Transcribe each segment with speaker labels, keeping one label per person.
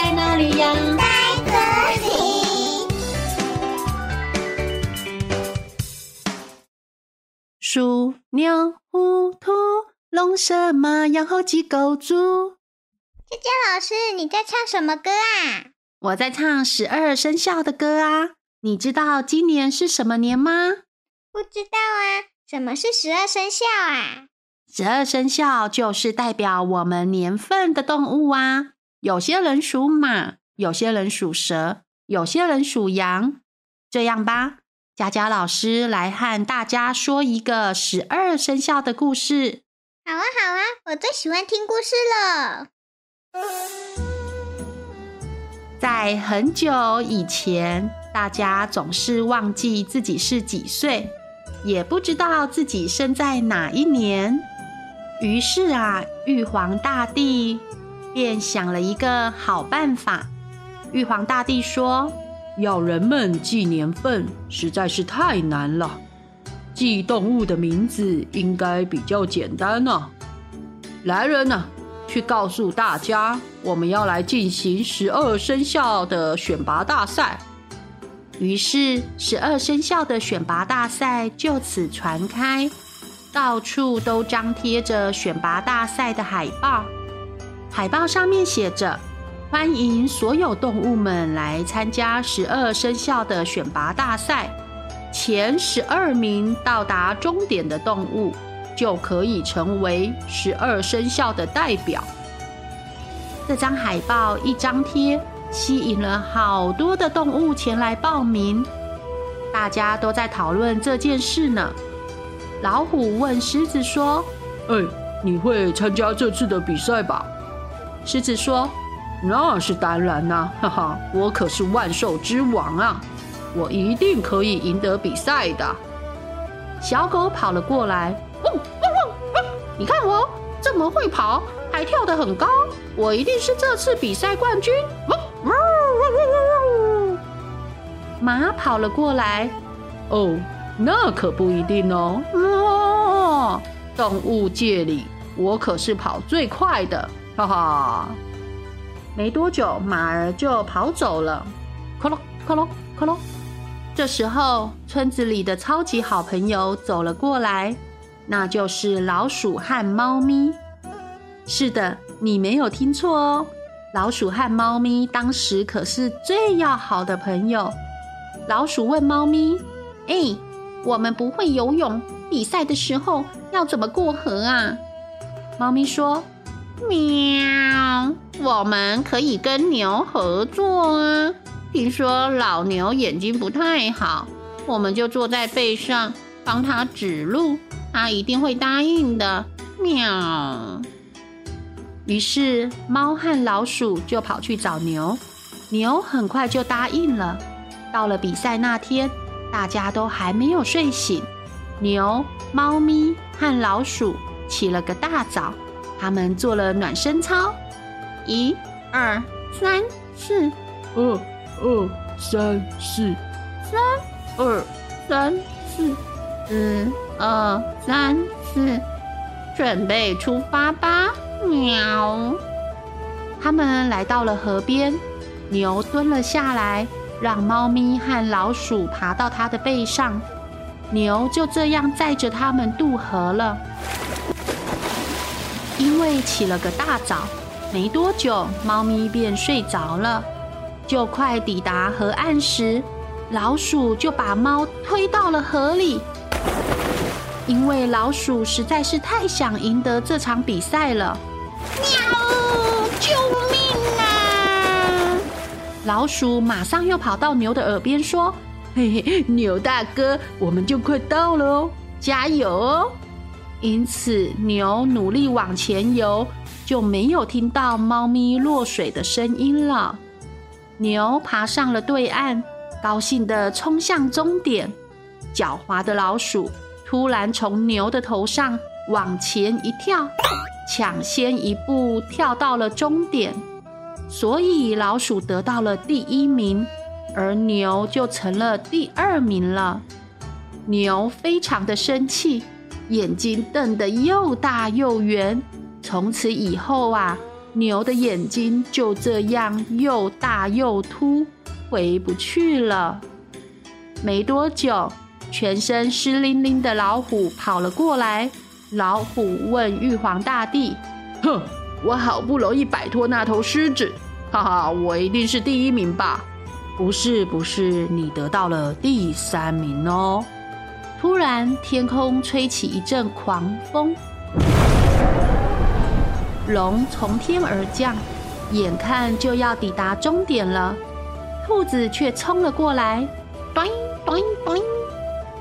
Speaker 1: 在哪裡呀？在這裡。鼠牛虎兔龍蛇馬羊猴雞狗豬。佳佳老師，你在唱什麼歌啊？我在唱十二生肖的歌啊。你知道今年是什麼年嗎？不知道啊，什麼是十二生肖啊？十二生肖就是代表我們年份的動物啊。有些人屬馬，有些人屬蛇，有些人屬羊。這樣吧，佳佳老師來和大家說一個十二生肖的故事。好啊，好啊，我最喜歡聽故事了。在很久以前，大家總是忘記自己是幾歲，也不知道自己生在哪一年。於是啊，玉皇大帝，便想了一個好辦法。玉皇大帝說：“要人們記年份實在是太難了，記動物的名字應該比較簡單呢、啊。”來人啊，去告訴大家，我們要來進行十二生肖的選拔大賽。於是，十二生肖的選拔大賽就此傳開，到處都張貼着選拔大賽的海報。海報上面寫着：“歡迎所有動物們來參加十二生肖的選拔大賽，前十二名到達終點的動物就可以成為十二生肖的代表。”這張海報一張貼，吸引了好多的動物前來報名。大家都在討論這件事呢。老虎問獅子說：“哎，你會參加這次的比賽吧？”獅子說：“那是當然啦，啊，哈哈，我可是萬獸之王啊，我一定可以贏得比賽的。”小狗跑了過來，汪汪汪汪，你看我這麼會跑，還跳得很高，我一定是這次比賽冠軍，哦哦。馬跑了過來，哦，那可不一定哦，哦，動物界裡，我可是跑最快的。哈、哦、哈，沒多久，馬兒就跑走了。咔咯，咔咯，咔咯！這時候，村子裡的超級好朋友走了過來，那就是老鼠和貓咪。是的，你沒有聽錯哦，老鼠和貓咪當時可是最要好的朋友。老鼠問貓咪：“哎、欸，我們不會游泳，比賽的時候要怎麼過河啊？”貓咪說。喵！我們可以跟牛合作啊。聽說老牛眼睛不太好，我們就坐在背上幫他指路，他一定會答應的。喵！於是貓和老鼠就跑去找牛，牛很快就答應了。到了比賽那天，大家都還沒有睡醒，牛、貓咪和老鼠起了個大早。他們做了暖身操，一、二、三、四，二、二、三、四，三、二、三、四二三，四、二、三、四，準備出發吧，喵！他們來到了河邊，牛蹲了下來，讓貓咪和老鼠爬到它的背上，牛就這樣載着他們渡河了。因為起了個大早，沒多久，貓咪便睡着了。就快抵達河岸時，老鼠就把貓推到了河裡。因為老鼠實在是太想贏得這場比賽了。喵！救命啊！老鼠馬上又跑到牛的耳邊說：“嘿嘿，牛大哥，我們就快到了哦，加油哦！”因此，牛努力往前游，就沒有聽到貓咪落水的聲音了。牛爬上了對岸，高興地衝向終點。狡猾的老鼠突然從牛的頭上往前一跳，搶先一步跳到了終點。所以，老鼠得到了第一名，而牛就成了第二名了。牛非常的生氣。眼睛瞪得又大又圓。從此以後啊，牛的眼睛就這樣又大又凸，回不去了。沒多久，全身濕淋淋的老虎跑了過來。老虎問玉皇大帝：“哼，我好不容易擺脫那頭獅子，哈哈，我一定是第一名吧？不是，不是，你得到了第三名哦。”突然，天空吹起一陣狂風，龍從天而降，眼看就要抵達終點了。兔子卻衝了過來，咚咚咚！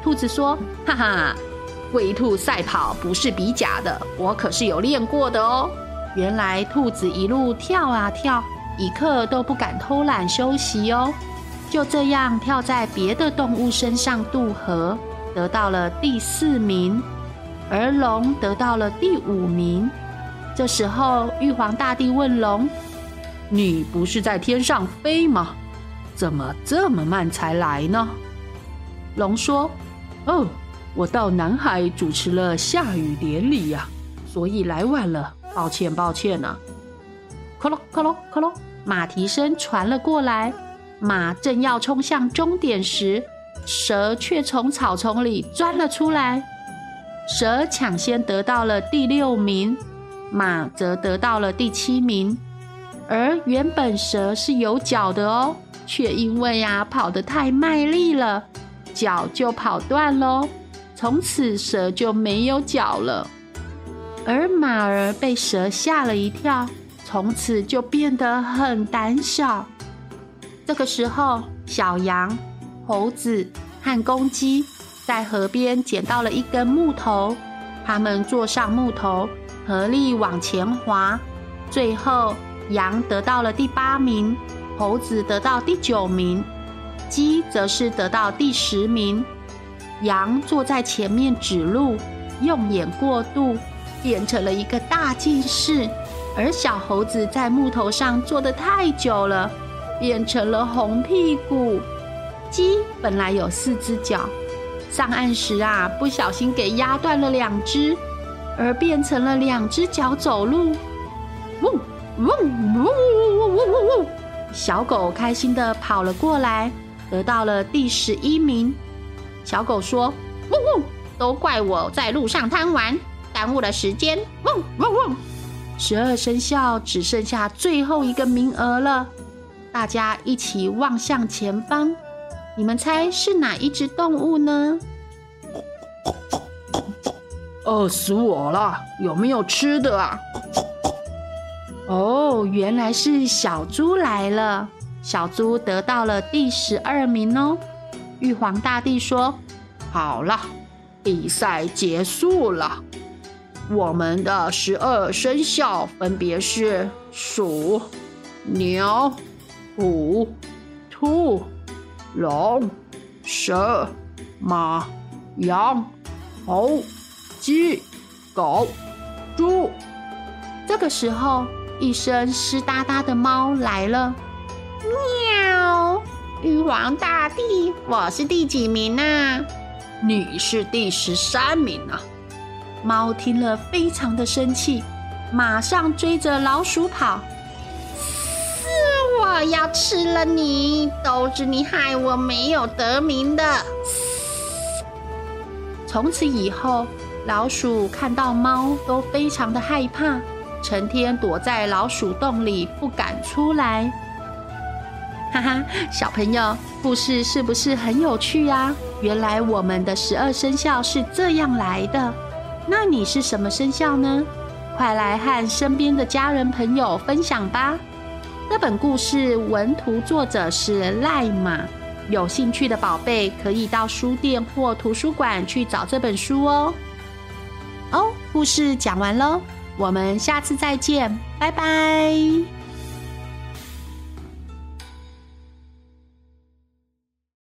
Speaker 1: 兔子說：“哈哈，龜兔賽跑不是比假的，我可是有練過的哦。”原來，兔子一路跳啊跳，一刻都不敢偷懶休息哦，就這樣跳在別的動物身上渡河。得到了第四名，而龍得到了第五名。這時候，玉皇大帝問龍：“你不是在天上飛嗎？怎麼這麼慢才來呢？”龍說：“哦，我到南海主持了下雨典禮呀、啊，所以來晚了，抱歉，抱歉吶、啊。”“克隆克隆克隆，馬蹄聲傳了過來，馬正要衝向終點時，蛇卻從草叢裡鑽了出來，蛇搶先得到了第六名，馬則得到了第七名。而原本蛇是有腳的哦，卻因為呀、啊、跑得太賣力了，腳就跑斷嘍。從此蛇就沒有腳了，而馬兒被蛇嚇了一跳，從此就變得很膽小。這個時候，小羊。猴子和公雞在河邊撿到了一根木頭，他們坐上木頭，合力往前滑。最後，羊得到了第八名，猴子得到第九名，雞則是得到第十名。羊坐在前面指路，用眼過度，變成了一個大近視；而小猴子在木頭上坐得太久了，變成了紅屁股。雞本來有四隻腳，上岸時啊，不小心給壓斷了兩隻，而變成了兩隻腳走路。嗚嗚嗚嗚嗚嗚嗚嗚，小狗開心的跑了過來，得到了第十一名。小狗說，嗚嗚：“都怪我在路上貪玩，耽誤了時間。嗚”十二生肖只剩下最後一個名額了，大家一起望向前方。你們猜是哪一隻動物呢？餓死我了！有沒有吃的啊？哦，原來是小豬來了。小豬得到了第十二名哦。玉皇大帝說：“好了，比賽結束了。我們的十二生肖分別是鼠、牛、虎、兔。”龍、蛇、馬、羊、猴、雞、狗、豬。這個時候，一身濕噠噠的貓來了，喵！玉皇大帝，我是第幾名啊？你是第十三名啊！貓聽了非常的生氣，馬上追着老鼠跑。我要吃了你！都是你害我沒有得名的。從此以後，老鼠看到貓都非常的害怕，成天躲在老鼠洞裡不敢出來。哈哈，小朋友，故事是不是很有趣啊？原來我們的十二生肖是這樣來的。那你是什麼生肖呢？快來和身邊的家人朋友分享吧。這本故事文圖作者是賴馬，有興趣的寶貝可以到書店或圖書館去找這本書哦。哦，故事講完嘍，我們下次再見，拜拜。